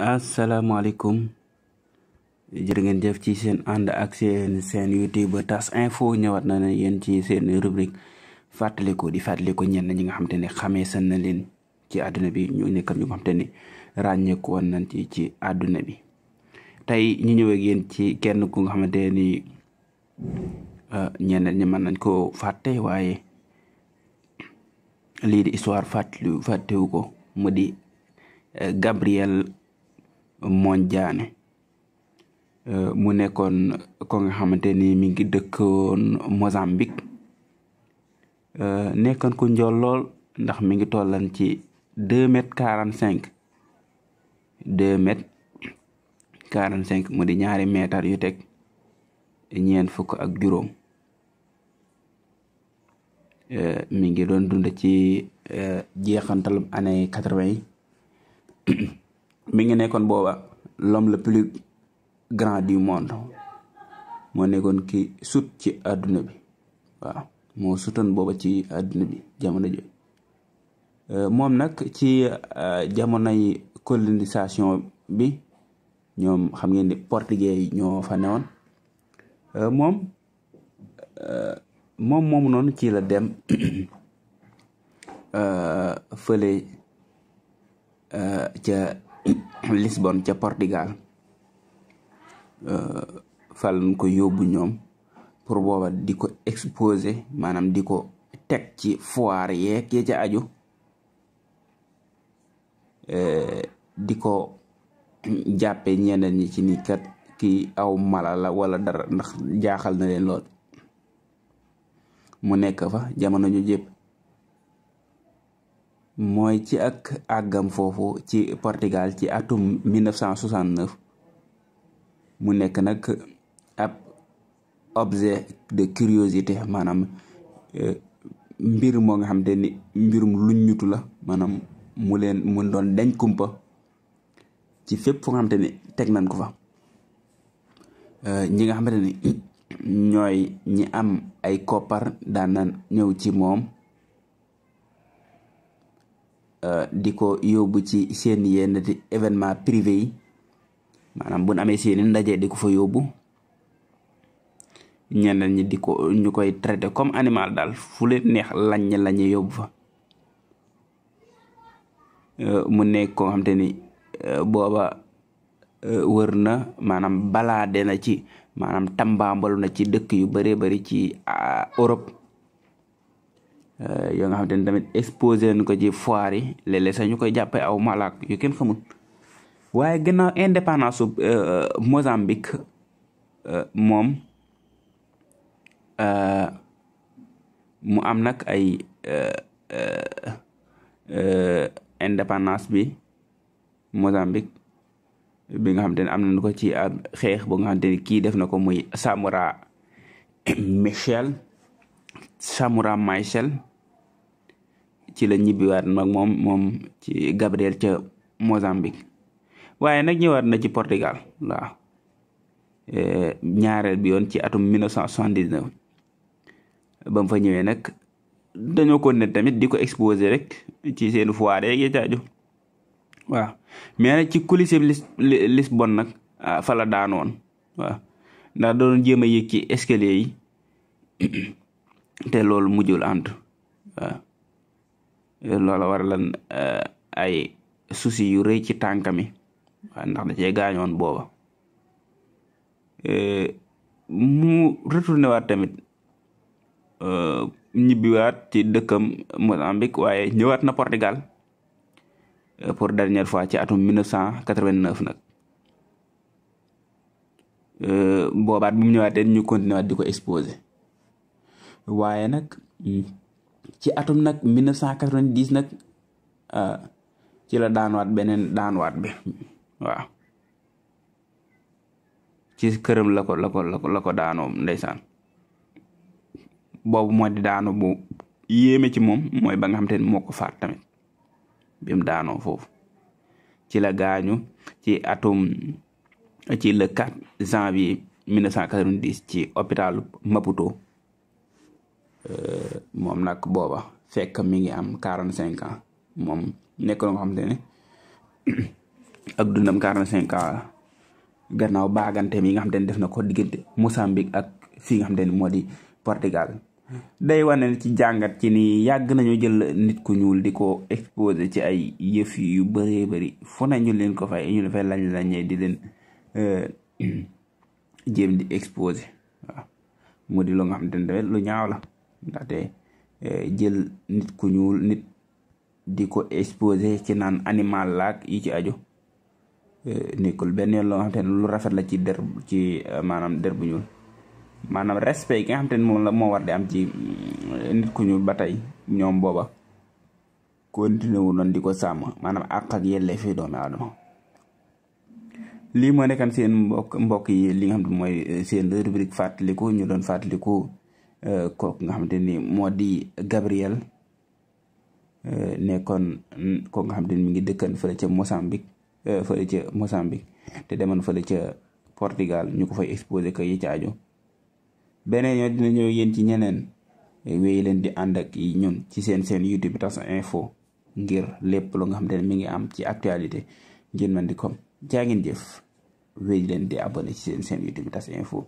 asalaamaaleykum jërë ngeen jëf ci seen ànd ak seen seen youtube tas info ñëwaat na ne yéen ci seen rubrique fàttaliku di fàttaliku ñenn ñi nga xam te ne xamee san na leen ci àdduna bi ñu nekkat ñu nga xam te ne ràññeeku ci ci àdduna bi tey ñu ñëwee ak ci kenn ku nga xamante ni ah, ñenn ñi mën nañ koo fàtte waaye lii di histoire fàttali ko mu di eh, Gabriel Mogne euh, mu nekkoon ko nga xamante ni mi ngi dëkkoon Mozambique euh, nekkoon ku njool lool ndax mi ngi tollan ci deux mètres quarante cinq deux mètres quarante mu di ñaari meetar yu teg ñeent fukk ak juróom euh, mi ngi doon dund ci jeexantal année quatre-vingt mi ngi nekkoon booba lom le plus grand du monde moo nekkoon ki sut ci àdduna bi waaw moo sutoon booba ci àdduna bi jamono jooju euh, moom nag ci euh, jamonoy colonisation bi ñoom xam ngeen ni portugais yi ñoo fa newoon euh, moom moom moomu noonu ci la dem fële ca Lisbonne ca Portugal euh, fal ko yóbbu ñoom pour booba di ko exposé maanaam di ko teg ci foire yee ya ca aju euh, di ko jàppe ñeneen ñi ci ni kat ki aw mala la wala dara ndax jaaxal na leen lool mu nekk fa jamono ñu mooy ci ak àggam foofu ci Portugal ci atum 1969 mu nekk nag ab objet de curiosité maanaam euh, mbir moo nga xam te ni mbirum luñ ñutu la maanaam mu leen mu doon dañ kumpa ci fépp fu nga xam te ni teg nañ ko fa euh, ñi nga xamante ni ñooy ñi am ay koppar daan ñëw ci moom Euh, di ko yóbbu ci seen yenn événement privé yi maanaam bu ñu amee seeni ndaje di ko fa yóbbu ñeneen ñi di ko ñu koy traité comme animal daal fu leen neex lañ lañu yóbbu fa euh, mu nekk ko xam te euh, booba wër na maanaam balaade na ci maanaam tambaambalu na ci dëkk yu bëree bëri ci Europe Euh, yoo nga xam te ne tamit exposé nañ ko ci foire yi léeg sax ñu koy jàppee aw malaak yu kenn xamul waaye gannaaw indépendance su euh, Mozambique euh, moom mu am nag ay indépendance bi Mozambique bi nga xam te ne am nañ ko ci ab xeex bu nga xam te ne kii def na ko muy Samora Machel Samora Machel ci la ñibbiwaat nag moom moom ci Gabriel ca Mozambique waaye nag ñëwaat na ci Portugal waaw eh, ñaareel bi yoon ci atum 1979 ba mu fa ñëwee nag dañoo ko ne tamit di ko exposé rek ci seen foire yeeg caaju waaw mais ci coulisse li nag ah, fala daanoon waaw ndax doon jéem yëg ci escalier yi te loolu mujjul ànd loola war lan eh, ay souci yu rëy ci tànka mi ndax da cee gaañoon booba eh, mu retourné waat tamit eh, ñibbiwaat ci dëkkam Mozambique waaye ñëwaat na Portugal pour dernière fois ci atum 1989 nag boobaat bu mu ñëwaatee ñu continué di ko exposé waaye nag. Hmm, ci atum nag 1990 nag euh, ci la daanuwaat beneen daanuwaat bi waaw ci këram la ko la ko la ko la ko daanoo ndeysaan boobu moo daano bu yéeme ci moom mooy ba nga xam te ne moo ko faat tamit bi mu daanoo foofu ci la gaañu ci atum ci le 4 janvier 1990 ci hôpital Maputo Euh, moom nag booba fekk mi ngi am quarante cinq ans moom nekk na xam xamante ne ak dundam quarante cinq ans gannaaw baagante mi nga xam ne def na ko diggante Mozambique ak fi nga xam ne moo di Portugal. day wane ci jàngat ci ni yàgg nañu jël nit ku ñuul di ko exposé ci ay yëf yu bëree bëri fu ne ñu leen ko fay ñu fay lañ lañee di leen euh, jéem di exposé waaw mu di lu nga xamante ne lu ñaaw la. ndaxte eh, jël nit ku ñuul nit di ko exposé ci naan animal laak yi ci aju eh, nekkul benn yoon loo xam te lu rafet la ci der ci eh, maanaam der bu ñuul maanaam respect ki xam te ne moom la moo war di am ci nit ku ñuul ba tey ñoom booba continuer wu doon di ko sàmm maanaam àq ak yelleef fi doomi aadama lii moo nekkan seen mbokk mbokk yi li nga xam ne mooy seen rubrique fàttaliku ñu doon fàttaliku kooku nga xamante ni moo di Gabriel eh, nekkoon kooku nga xamante ni mi ngi dëkkan fële ca Mozambique eh, fële ca Mozambique te demoon fële ca Portugal ñu ko fay exposé que yi ca beneen yoon dina ñëw yéen ci ñeneen eh, wéy leen di ànd ak yi ñun ci seen seen YouTube tas info ngir lépp lu nga xamante ne mi ngi am ci actualité ngeen man di comme jaa ngeen jëf wéy leen di abonné ci seen seen YouTube tas info.